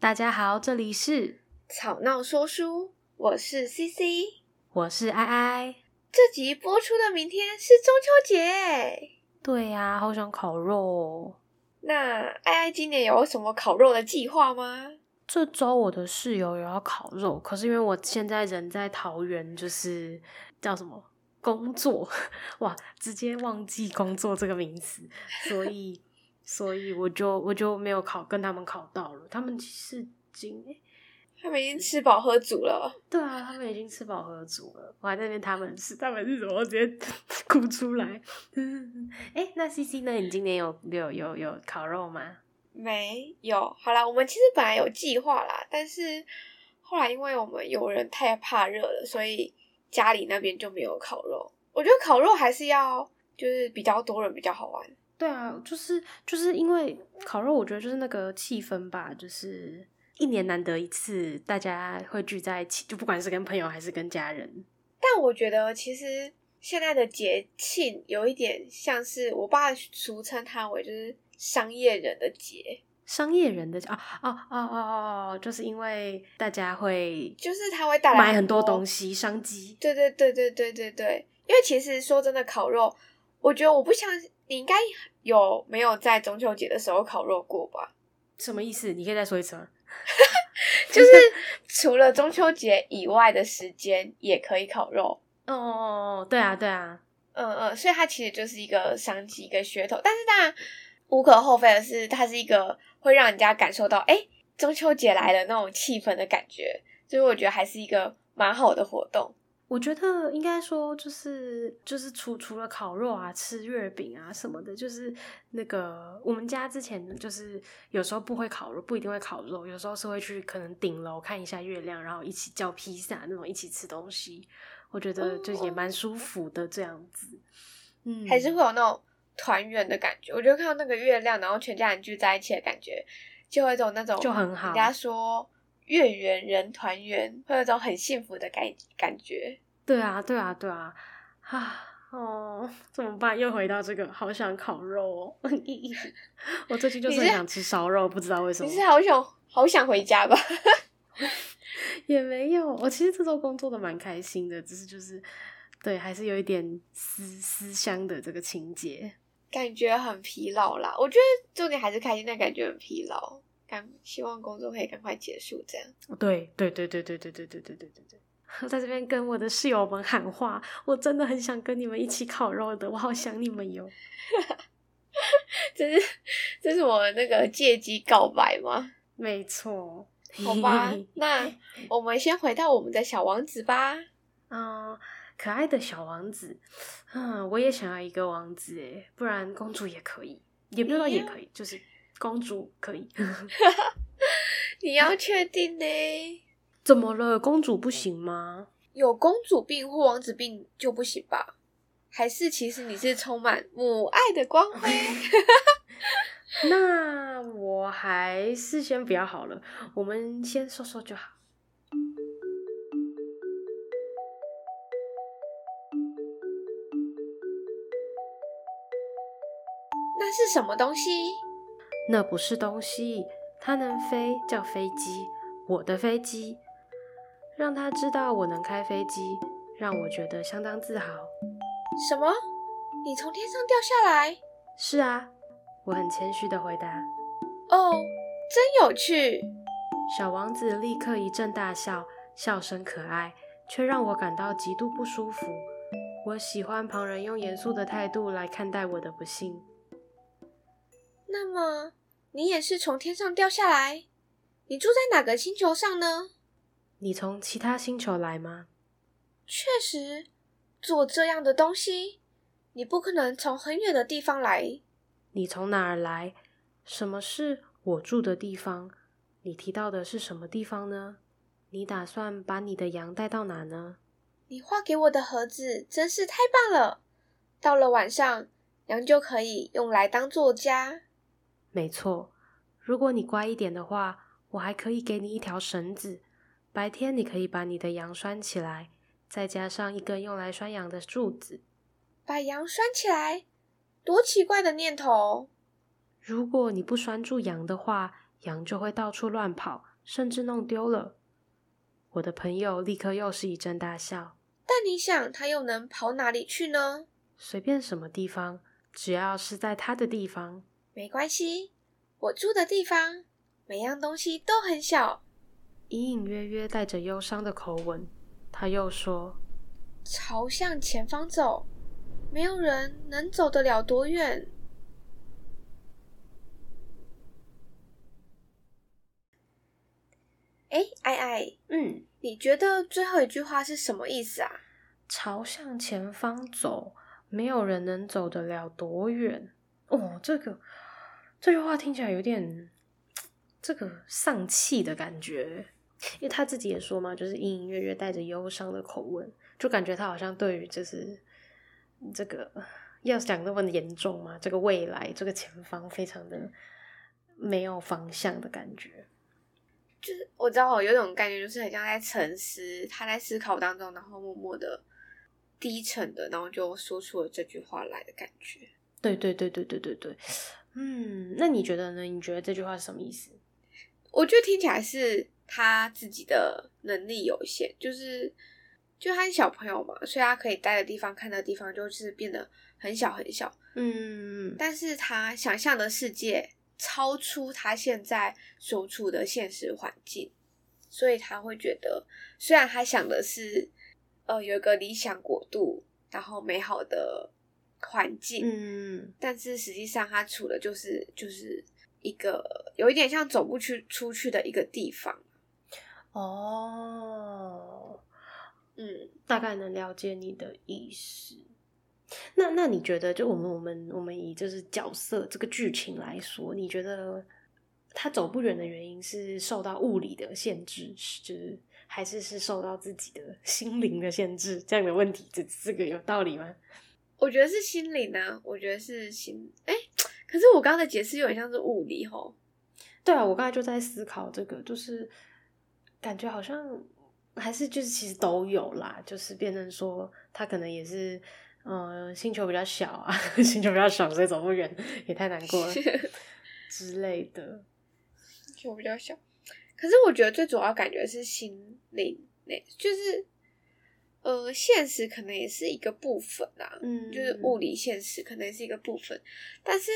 大家好，這裡是吵鬧說書，我是 C C，我是艾艾。這集播出的明天是中秋節，對呀，啊，好想烤肉。那艾艾今年有什麼烤肉的計劃嗎？這周我的室友有要烤肉，可是因為我現在人在桃園，就是叫什麼工作，哇，直接忘記工作這個名詞，所以。 所以我就我就沒有烤，跟他們烤到了。他們是今天，他們已經吃飽喝足了。對啊，他們已經吃飽喝足了。我還在那邊他們吃他們是怎麼直接哭出來。誒、 欸、那 C C 呢？你今年有有有有烤肉嗎？沒有。好啦，我們其實本來有計劃啦，但是後來因為我們有人太怕熱了，所以家裡那邊就沒有烤肉。我覺得烤肉還是要就是比較多人比較好玩。對啊，就是就是因為烤肉，我覺得就是那個氣氛吧，就是一年難得一次，大家會聚在一起，就不管是跟朋友還是跟家人。但我覺得其實現在的節慶有一點像是我爸俗稱他為就是商業人的節，商業人的節，哦哦哦哦哦，就是因為大家會就是他會帶來買很多東西，商機。對對對對對對對，因為其實說真的，烤肉，我覺得我不想，你應該。有沒有在中秋節的時候烤肉過吧？什麼意思？你可以再說一次嗎？ 就是除了中秋節以外的時間也可以烤肉。哦，對啊，對啊。嗯嗯、呃，所以它其實就是一個商機，一個噱頭。但是當然無可厚非的是，它是一個會讓人家感受到，哎，中秋節來的那種氣氛的感覺，所以我覺得還是一個蠻好的活動。我覺得應該說就是就是除除了烤肉啊、吃月餅啊什麼的，就是那個我們家之前就是有時候不會烤肉，不一定會烤肉，有時候是會去可能頂樓看一下月亮，然後一起叫披薩那種一起吃東西，我覺得就也蠻舒服的這樣子。哦、嗯，還是會有那種團圓的感覺。我覺得看到那個月亮，然後全家人聚在一起的感覺，就有一種那種就很好。人家說。月圓人團圓，會有種很幸福的感感覺。對啊，對啊，對啊！啊，哦，怎麼辦？又回到這個，好想烤肉哦。 我最近就是很想吃燒肉，不知道為什麼。你是好想好想回家吧？ 也沒有，我其實這週工作的蠻開心的，只是就是對，還是有一點思思鄉的這個情節，感覺很疲勞啦。我覺得重點還是開心，但感覺很疲勞。希望工作可以趕快結束，這樣對。對對對對對對對對對對對對！ 在這邊跟我的室友們喊話，我真的很想跟你們一起烤肉的，我好想你們喲 ！這是這是我的那個借機告白嗎？沒錯。 好吧，那我們先回到我們的小王子吧。 嗯，可愛的小王子。嗯，我也想要一個王子耶，不然公主也可以，也不知道也可以，就是。公主可以， 你要確定呢？啊？怎麼了？公主不行嗎？有公主病或王子病就不行吧？還是其實你是充滿母愛的光輝？ 那我還是先不要好了，我們先說說就好。那是什麼東西？那不是東西，它能飛，叫飛機。我的飛機，讓他知道我能開飛機，讓我覺得相當自豪。什麼？你從天上掉下來？是啊，我很謙虛的回答。哦，真有趣！小王子立刻一陣大笑，笑聲可愛，卻讓我感到極度不舒服。我喜歡旁人用嚴肅的態度來看待我的不幸。那麼。你也是從天上掉下來？你住在哪個星球上呢？你從其他星球來嗎？確實，做這樣的東西，你不可能從很遠的地方來。你從哪兒來？什麼是我住的地方？你提到的是什麼地方呢？你打算把你的羊帶到哪兒呢？你畫給我的盒子真是太棒了！到了晚上，羊就可以用來當作家。沒錯，如果你乖一點的話，我還可以給你一條繩子。白天你可以把你的羊拴起來，再加上一根用來拴羊的柱子，把羊拴起來，多奇怪的念頭！如果你不拴住羊的話，羊就會到處亂跑，甚至弄丟了。我的朋友立刻又是一陣大笑。但你想，它又能跑哪裡去呢？隨便什麼地方，只要是在它的地方。沒關係，我住的地方每樣東西都很小。隱隱約約帶着憂傷的口吻，他又說：“朝向前方走，沒有人能走得了多遠。”欸，哎，哎哎，嗯，你覺得最後一句話是什麼意思啊？朝向前方走，沒有人能走得了多遠。哦，這個。這句話聽起來有點這個喪氣的感覺，因為他自己也說嘛，就是隱隱約約帶着憂傷的口吻，就感覺他好像對於就是這個要講那麼嚴重嘛，這個未來這個前方非常的沒有方向的感覺。就是我知道，我有一種感覺，就是很像在沉思，他在思考當中，然後默默的低沉的，然後就說出了這句話來的感覺。嗯，對對對對對對對。嗯，那你覺得呢？你覺得這句話是什麼意思？我就聽起來是他自己的能力有限，就是就他是小朋友嘛，所以他可以待的地方、看的地方，就是變得很小很小。嗯，但是他想象的世界超出他現在所處的現實環境，所以他會覺得，雖然他想的是，呃，有一個理想國度，然後美好的。環境，嗯，但是實際上它處的就是就是一個有一點像走不去出去的一個地方，哦，嗯，大概能了解你的意思。那那你覺得，就我們我們我們以就是角色這個劇情來說，你覺得他走不遠的原因是受到物理的限制，是就是還是是受到自己的心靈的限制？這樣的問題，這這個有道理嗎？我覺得是心理呢、啊，我覺得是心誒、欸、可是我剛剛的解釋有點像是物理吼。對啊，我剛才就在思考這個，就是感覺好像還是就是其實都有啦，就是變成說他可能也是嗯、呃、星球比較小啊，星球比較小，所以走不遠也太難過了 之類的。 星球比較小，可是我覺得最主要感覺是心靈內，就是。呃，現實可能也是一個部分啦、啊，嗯，就是物理現實可能也是一個部分、嗯，但是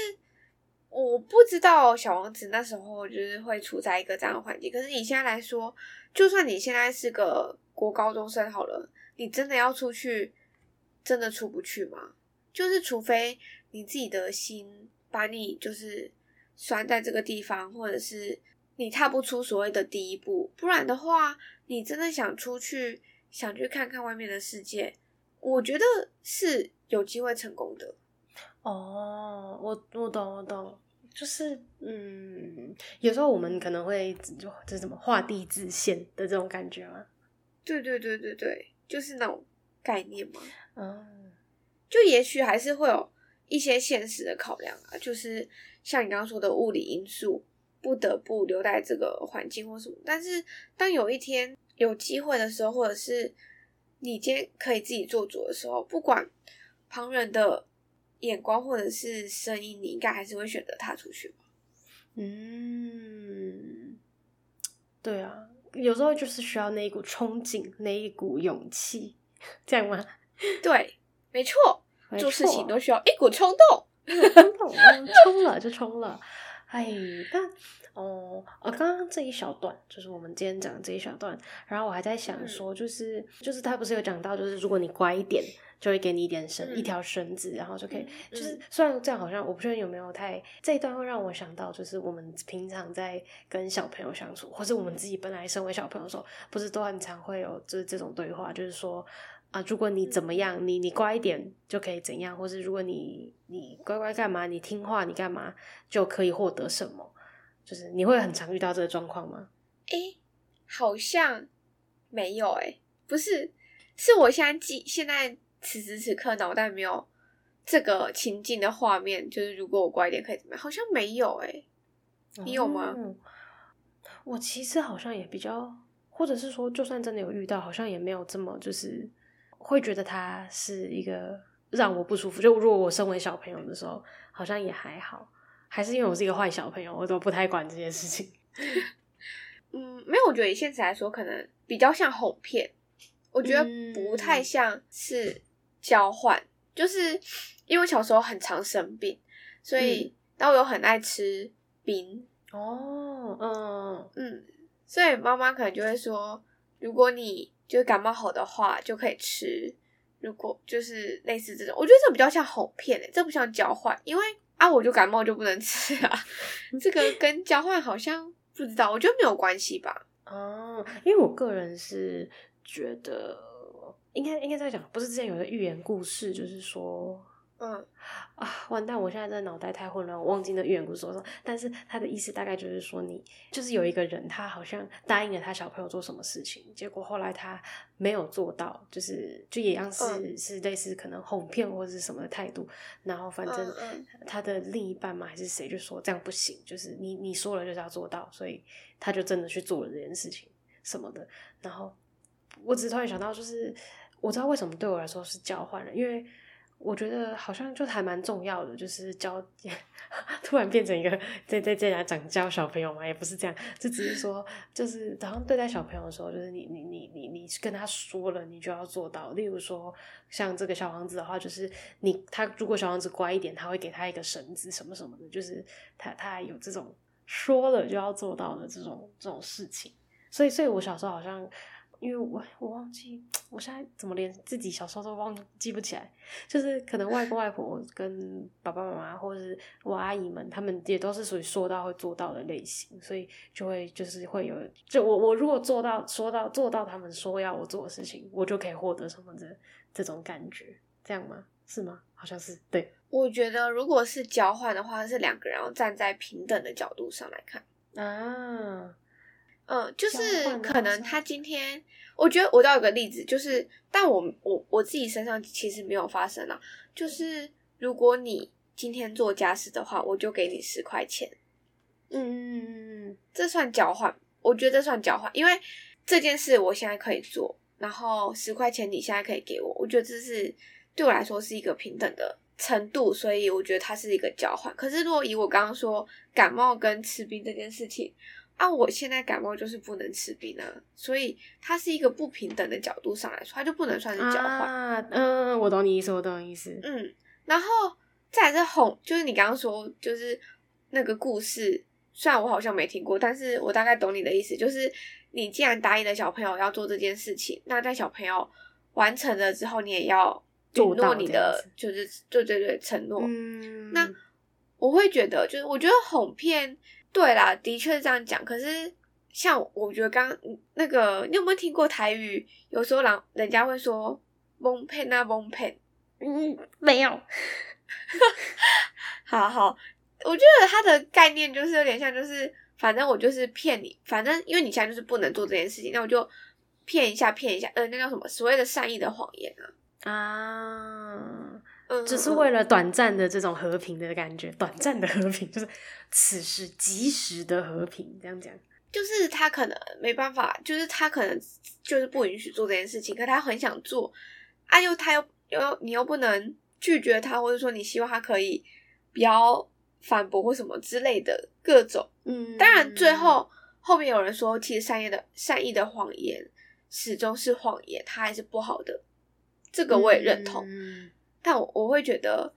我不知道小王子那時候就是會處在一個這樣的環境。可是你現在來說，就算你現在是個國高中生好了，你真的要出去，真的出不去嗎？就是除非你自己的心把你就是拴在這個地方，或者是你踏不出所謂的第一步，不然的話，你真的想出去。想去看看外面的世界，我覺得是有機會成功的。哦，我我懂，我懂，就是嗯，有時候我們可能會就就怎麼畫地自限的這種感覺嗎？對對對對對，就是那種概念嘛？嗯，就也許還是會有一些現實的考量啊，就是像你剛剛說的物理因素，不得不留在這個環境或什麼。但是當有一天。有機會的時候，或者是你今天可以自己做主的時候，不管旁人的眼光或者是聲音，你應該還是會選擇踏出去吧。嗯，對啊，有時候就是需要那一股憧憬，那一股勇氣，這樣嗎？對，沒錯，沒錯，做事情都需要一股衝動，衝動，衝了就衝了。哎，但，哦，我、哦、剛剛這一小段就是我們今天講的這一小段，然後我還在想說，就是就是他不是有講到，就是如果你乖一點，就會給你一點繩，嗯、一條繩子，然後就可以，就是雖然這樣好像我不確定有沒有太這一段會讓我想到，就是我們平常在跟小朋友相處，或者我們自己本來身為小朋友的時候，不是都很常會有就是這種對話，就是說。啊！如果你怎麼樣，嗯、你你乖一點就可以怎樣，或者如果你你乖乖幹嘛，你聽話你幹嘛就可以獲得什麼？就是你會很常遇到這個狀況嗎？哎、嗯欸，好像沒有哎、欸，不是，是我現在記現在此時此刻腦袋沒有這個情境的畫面，就是如果我乖一點可以怎麼樣？好像沒有哎、欸，你有嗎、嗯？我其實好像也比較，或者是說，就算真的有遇到，好像也沒有這麼就是。會覺得他是一個讓我不舒服。就如果我身為小朋友的時候，好像也還好，還是因為我是一個壞小朋友、嗯，我都不太管這件事情。嗯，沒有，我覺得以現實來說，可能比較像哄騙，我覺得不太像是交換、嗯。就是因為小時候很常生病，所以但我又很愛吃冰哦，嗯嗯，所以媽媽可能就會說，如果你。就是感冒好的話就可以吃。如果就是類似這種，我覺得這比較像哄騙、欸，誒這不像交換，因為啊，我就感冒就不能吃啊。 這個跟交換好像不知道，我覺得沒有關係吧。嗯、哦、因為我個人是覺得應該應該在講，不是之前有個寓言故事，就是說。啊，完蛋！我現在這腦袋太混亂，我忘記那遠古所說，但是他的意思大概就是說你，你就是有一個人，他好像答應了他小朋友做什麼事情，結果後來他沒有做到，就是就也樣是是類似可能哄騙或者是什麼態度。然後反正他的另一半嘛還是誰就說這樣不行，就是你你說了就是要做到，所以他就真的去做了這件事情什麼的。然後我只是突然想到，就是我知道為什麼對我來說是交換了，因為。我覺得好像就還蠻重要的，就是教，突然變成一個在在在家長教小朋友嘛，也不是這樣，就只是說就是早上對待小朋友的時候，就是你你你你你跟他說了，你就要做到。例如說像這個小王子的話，就是你，他如果小王子乖一點，他會給他一個繩子什麼什麼的，就是他他有這種說了就要做到的這種這種事情。所以所以我小時候好像。因為我我忘記，我現在怎麼連自己小時候都忘記不起來，就是可能外公外婆跟爸爸媽媽，或者是我阿姨們，他們也都是屬於說到會做到的類型，所以就會就是會有，就我我如果做到說到做到他們說要我做的事情，我就可以獲得什麼的這，這種感覺，這樣嗎？是嗎？好像是對。我覺得如果是交換的話，是兩個人要站在平等的角度上來看啊。嗯，就是可能他今天，我覺得我倒有個例子，就是但我我我自己身上其實沒有發生啦。就是如果你今天做家事的話，我就給你十塊錢。嗯嗯嗯嗯，這算交換？我覺得這算交換，因為這件事我現在可以做，然後十塊錢你現在可以給我，我覺得這是對我來說是一個平等的程度，所以我覺得它是一個交換。可是如果以我剛剛說感冒跟吃冰這件事情。啊，我現在感冒就是不能吃冰啊，所以它是一個不平等的角度上來說，它就不能算是狡猾。嗯、啊呃，我懂你意思，我懂你意思。嗯，然後再來是哄，就是你剛剛說就是那個故事，雖然我好像沒聽過，但是我大概懂你的意思，就是你既然答應了小朋友要做這件事情，那在小朋友完成了之後，你也要允諾你的，就是就對對對承諾，嗯。那我會覺得，就是我覺得哄騙。對啦，的確是這樣講。可是像我覺得剛剛那個，你有沒有聽過台語？有時候人人家會說矇騙啊，矇騙。嗯，沒有。 好好，我覺得它的概念就是有點像，就是反正我就是騙你，反正因為你現在就是不能做這件事情，那我就騙一下，騙一下。呃，那叫什麼？所謂的善意的謊言啊。啊。 只是為了短暫的這種和平的感覺，短暫的和平就是此時及時的和平。這樣講，就是他可能沒辦法，就是他可能就是不允許做這件事情，可他很想做啊，又他又又你又不能拒絕他，或者說你希望他可以不要反駁或什麼之類的各種。嗯，當然最後後面有人說，其實善意的善意的謊言始終是謊言，他還是不好的。這個我也認同。嗯但我我會覺得，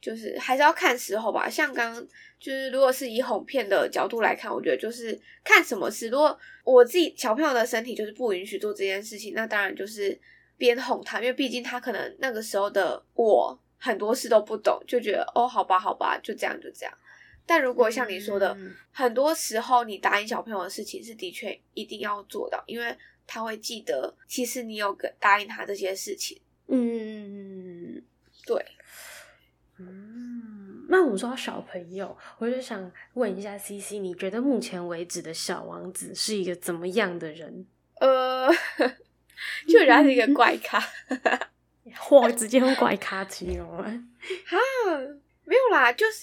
就是還是要看時候吧。像剛剛就是，如果是以哄騙的角度來看，我覺得就是看什麼事。如果我自己小朋友的身體就是不允許做這件事情，那當然就是邊哄他，因為畢竟他可能那個時候的我很多事都不懂，就覺得哦，好吧，好吧，就這樣，就這樣。但如果像你說的，嗯，很多時候你答應小朋友的事情是的確一定要做到，因為他會記得，其實你有答應他這些事情。嗯。對，嗯，那我說到小朋友，我就想問一下 CC，你覺得目前為止的小王子是一個怎麼樣的人？呃，就他是一個怪咖，嗯、 哇，我直接用怪咖形容啊？沒有啦，就是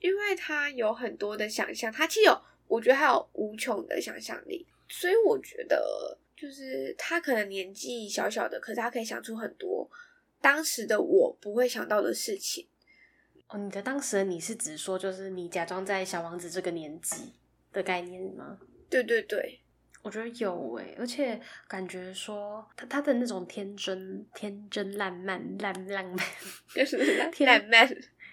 因為他有很多的想象，他既有，我覺得還有無窮的想象力，所以我覺得就是他可能年紀小小的，可是他可以想出很多。當時的我不會想到的事情，哦，你的當時的，你是指說就是你假裝在小王子這個年紀的概念嗎？對對對，我覺得有哎、欸，而且感覺說他他的那種天真天真爛漫爛、爛漫，就是爛漫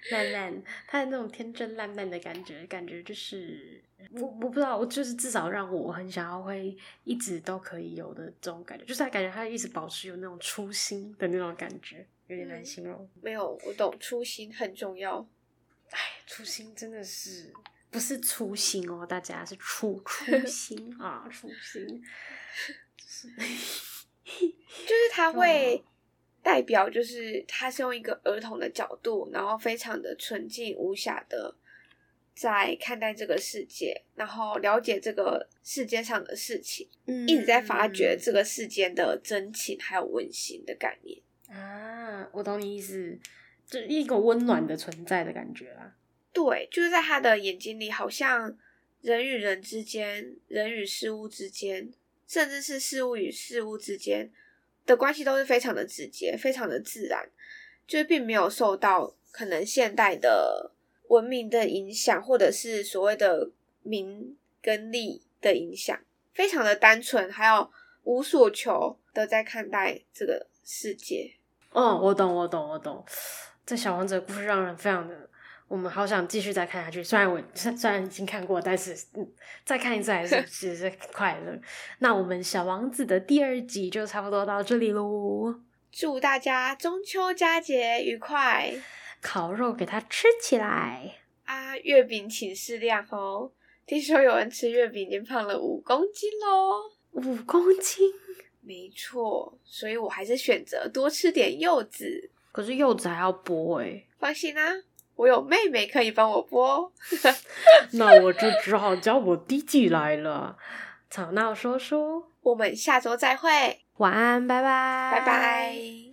爛漫，他的那種天真爛漫的感覺，感覺就是。我我不知道，我就是至少讓我很想要會一直都可以有的這種感覺，就是他感覺他一直保持有那種初心的那種感覺，有點難形容哦，嗯。沒有，我懂，初心很重要。哎，初心真的是，不是初心哦，大家是初初心啊， 初心。 就是他會代表，就是他是用一個兒童的角度，然後非常的純淨無瑕的。在看待這個世界，然後了解這個世界上的事情，嗯，一直在發掘這個世間的真情還有溫馨的概念。啊，我懂你意思，就是一個溫暖的存在的感覺啊。嗯，對，就是在他的眼睛裡，好像人與人之間、人與事物之間，甚至是事物與事物之間的關係，都是非常的直接、非常的自然，就是並沒有受到可能現代的。文明的影響，或者是所謂的名跟利的影響，非常的單純，還有無所求的在看待這個世界。哦，我懂，我懂，我懂。這小王子的故事讓人非常的，我們好想繼續再看下去。雖然我雖然已經看過，但是再看一次還是其實是快樂。 那我們小王子的第二集就差不多到這裡嘍。祝大家中秋佳節愉快！烤肉給他吃起來啊！月餅請適量哦。聽說有人吃月餅，已經胖了五公斤嘍！五公斤，沒錯。所以我還是選擇多吃點柚子。可是柚子還要剝哎、欸，放心啦、啊，我有妹妹可以幫我剝。 那我就只好叫我弟弟來了。吵鬧說書，我們下周再會。晚安，拜拜，拜拜。